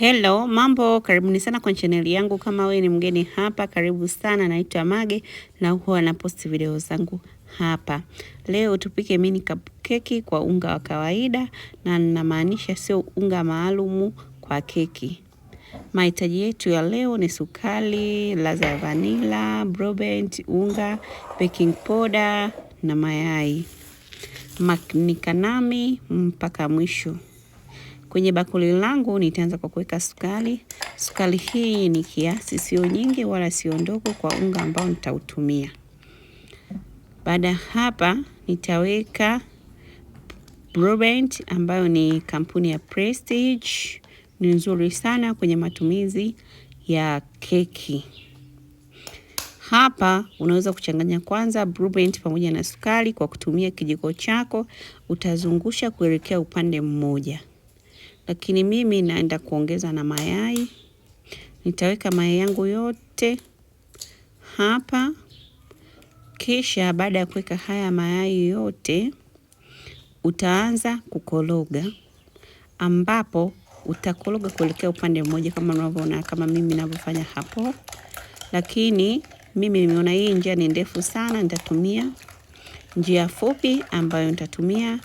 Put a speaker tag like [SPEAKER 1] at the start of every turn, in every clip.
[SPEAKER 1] Hello, mambo, karibuni sana kwa chaneli yangu. Kama wewe ni mgeni hapa, karibu sana. Naitwa Mage na huwa naposti video zangu hapa. Leo tupike mini cupcake kwa unga wa kawaida, na ninamaanisha sio unga maalumu kwa keki. Mahitaji yetu ya leo ni sukari, ladha ya vanila, brobent, unga, baking powder na mayai. Makinikanami mpaka mwisho. Kwenye bakuli langu nitaanza kwa kuweka sukari. Sukari hii ni kiasi, sio nyingi wala sio ndogo, kwa unga ambao nitautumia. Baada hapa nitaweka Bruband ambayo ni kampuni ya Prestige, ni nzuri sana kwenye matumizi ya keki. Hapa unaweza kuchanganya kwanza Bruband pamoja na sukari kwa kutumia kijiko chako, utazungusha kuelekea upande mmoja lakini mimi naenda kuongeza na mayai. Nitaweka mayai yangu yote hapa, kisha baada ya kuweka haya mayai yote utaanza kukoroga, ambapo utakoroga kuelekea upande mmoja, kama unavyoona, kama mimi ninavyofanya hapo. Lakini mimi nimeona hii njia ni ndefu sana, nitatumia njia fupi ambayo nitatumia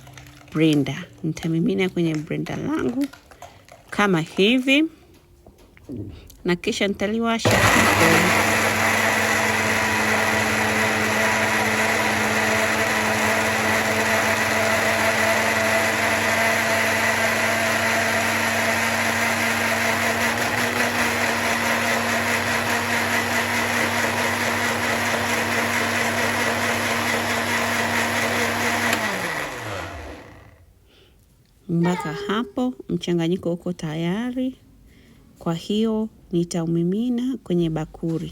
[SPEAKER 1] blender. Nitamimina kwenye blender langu kama hivi na kisha nitaliwasha. Mpaka hapo mchanganyiko uko tayari. Kwa hiyo nitaumimina kwenye bakuri,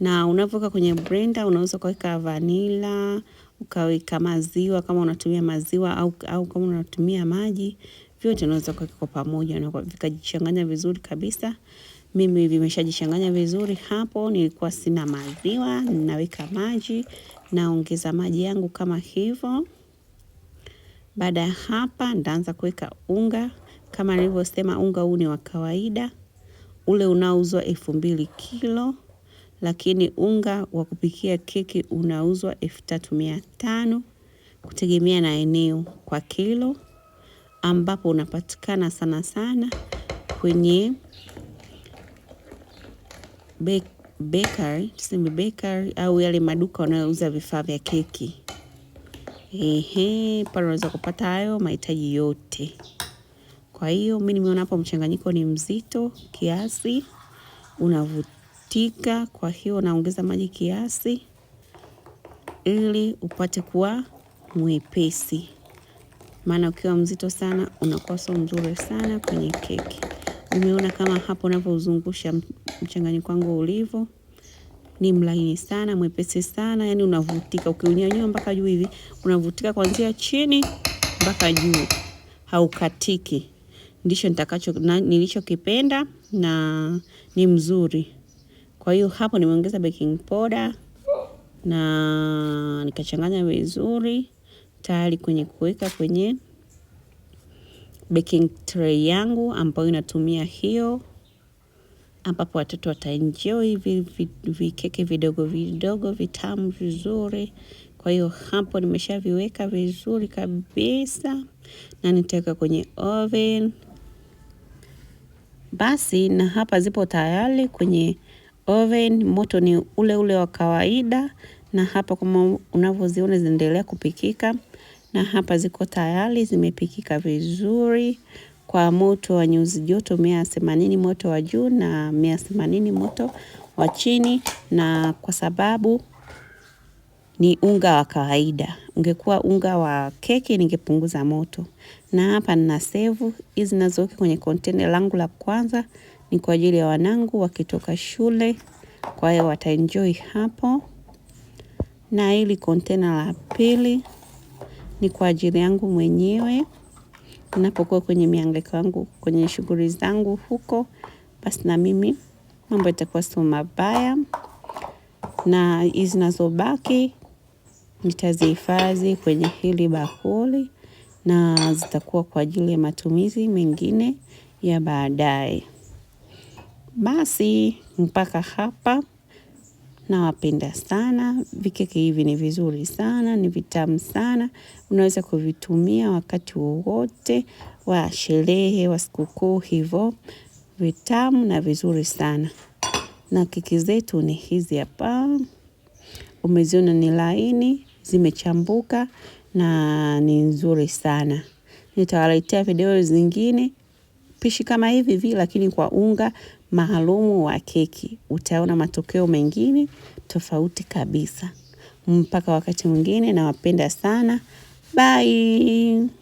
[SPEAKER 1] na unavyoweka kwenye blender unaweza ukaweka vanila, ukaweka maziwa kama unatumia maziwa au, au kama unatumia maji, vyote unaweza ukaweka kwa pamoja na vikajichanganya vizuri kabisa. Mimi vimeshajichanganya vizuri hapo. Nilikuwa sina maziwa, ninaweka maji, naongeza maji yangu kama hivyo. Baada ya hapa ndaanza kuweka unga kama nilivyosema, unga huu ni wa kawaida ule unaouzwa elfu mbili kilo, lakini unga wa kupikia keki unauzwa elfu tatu mia tano kutegemea na eneo kwa kilo, ambapo unapatikana sana sana kwenye bakery, tuseme bakery au yale maduka wanayouza vifaa vya keki. Ehe, pale unaweza kupata hayo mahitaji yote. Kwa hiyo mimi nimeona hapo mchanganyiko ni mzito kiasi, unavutika. Kwa hiyo naongeza maji kiasi ili upate kuwa mwepesi, maana ukiwa mzito sana unakuwa sio mzuri sana kwenye keki. Nimeona kama hapo unavyozungusha mchanganyiko wangu ulivyo ni mlaini sana, mwepesi sana, yani unavutika ukiunyanyua mpaka juu hivi, unavutika kuanzia chini mpaka juu, haukatiki. Ndicho nitakacho nilichokipenda na ni mzuri. Kwa hiyo hapo nimeongeza baking powder na nikachanganya vizuri, tayari kwenye kuweka kwenye baking tray yangu ambayo inatumia hiyo ambapo watoto wataenjoy vikeke vidogo vidogo vitamu vizuri. Kwa hiyo hapo nimeshaviweka vizuri kabisa na nitaweka kwenye oven. Basi na hapa zipo tayari kwenye oven, moto ni ule ule wa kawaida, na hapa kama unavyoziona zinaendelea kupikika, na hapa ziko tayari zimepikika vizuri kwa moto wa nyuzi joto mia themanini moto wa juu na mia moto wa chini, na kwa sababu ni unga wa kawaida, ungekuwa unga wa keki ningepunguza moto. Na hapa nina sevu hizi ninazoweka kwenye kontena langu la kwanza, ni kwa ajili ya wanangu wakitoka shule, kwa hiyo wataenjoy hapo. Na hili kontena la pili ni kwa ajili yangu mwenyewe. Ninapokuwa kwenye miangaiko yangu, kwenye shughuli zangu huko, basi na mimi mambo yatakuwa sio mabaya, na hizi zinazobaki nitazihifadhi kwenye hili bakuli na zitakuwa kwa ajili ya matumizi mengine ya baadaye. Basi mpaka hapa nawapenda sana. Vikeki hivi ni vizuri sana, ni vitamu sana. Unaweza kuvitumia wakati wowote wa sherehe, wa sikukuu hivo. Vitamu na vizuri sana. Na keki zetu ni hizi hapa. Umeziona ni laini, zimechambuka na ni nzuri sana. Nitawaletea video zingine. Pishi kama hivi vi, lakini kwa unga maalumu wa keki, utaona matokeo mengine tofauti kabisa. Mpaka wakati mwingine, nawapenda sana. Bye.